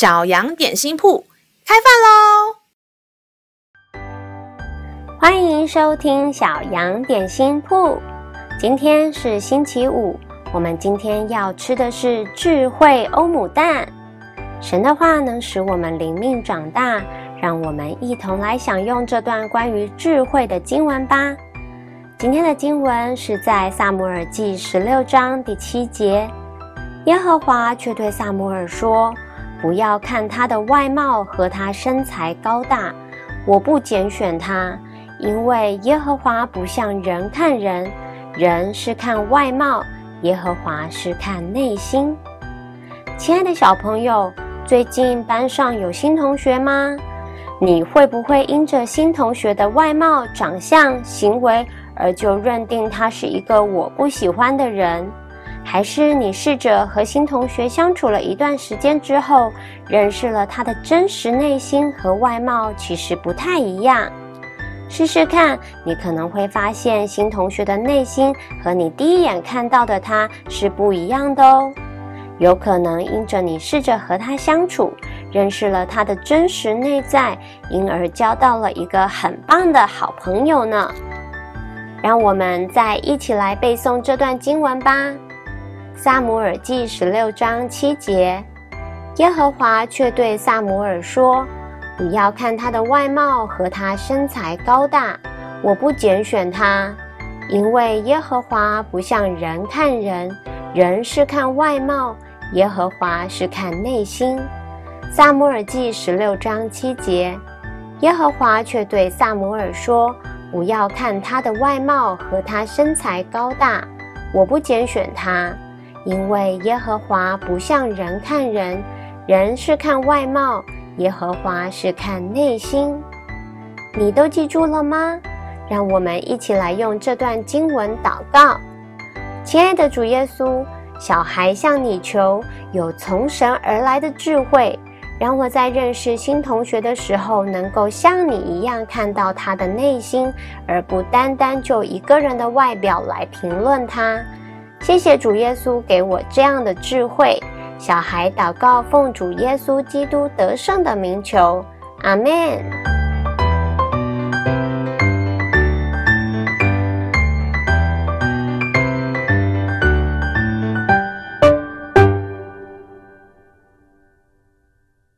小羊點心鋪開飯嘍！歡迎收聽小羊點心鋪。今天是星期五，我們今天要吃的是智慧歐姆蛋。神的話能使我們靈命長大，讓我們一同來享用這段關於智慧的經文吧。今天的經文是在撒母耳記十六章第七節。耶和華卻對撒母耳說。不要看他的外貌和他身材高大，我不揀選他，因為耶和華不像人看人，人是看外貌，耶和華是看內心。親愛的小朋友，最近班上有新同學嗎？你會不會因着新同學的外貌、長相、行為而就認定他是一個我不喜歡的人？還是你試着和新同學相處了一段時間之後，認識了他的真實內心和外貌其實不太一樣。試試看，你可能會發現新同學的內心和你第一眼看到的他是不一樣的哦。有可能因着你試着和他相處，認識了他的真實內在，因而交到了一個很棒的好朋友呢。讓我們再一起來背誦這段經文吧。撒母耳記十六章七節，耶和華卻對撒母耳說：“不要看他的外貌和他身材高大，我不揀選他，因為耶和華不像人看人，人是看外貌，耶和華是看內心。”撒母耳記十六章七節，耶和華卻對撒母耳說：“不要看他的外貌和他身材高大，我不揀選他。”因為耶和華不像人看人，人是看外貌，耶和華是看內心。你都記住了嗎？讓我們一起來用這段經文禱告。親愛的主耶穌，小孩向你求有從神而來的智慧，讓我在認識新同學的時候，能夠像你一樣看到他的內心，而不單單就一個人的外表來評論他。謝謝主耶穌給我這樣的智慧，小孩禱告，奉主耶穌基督得勝的名求，阿門。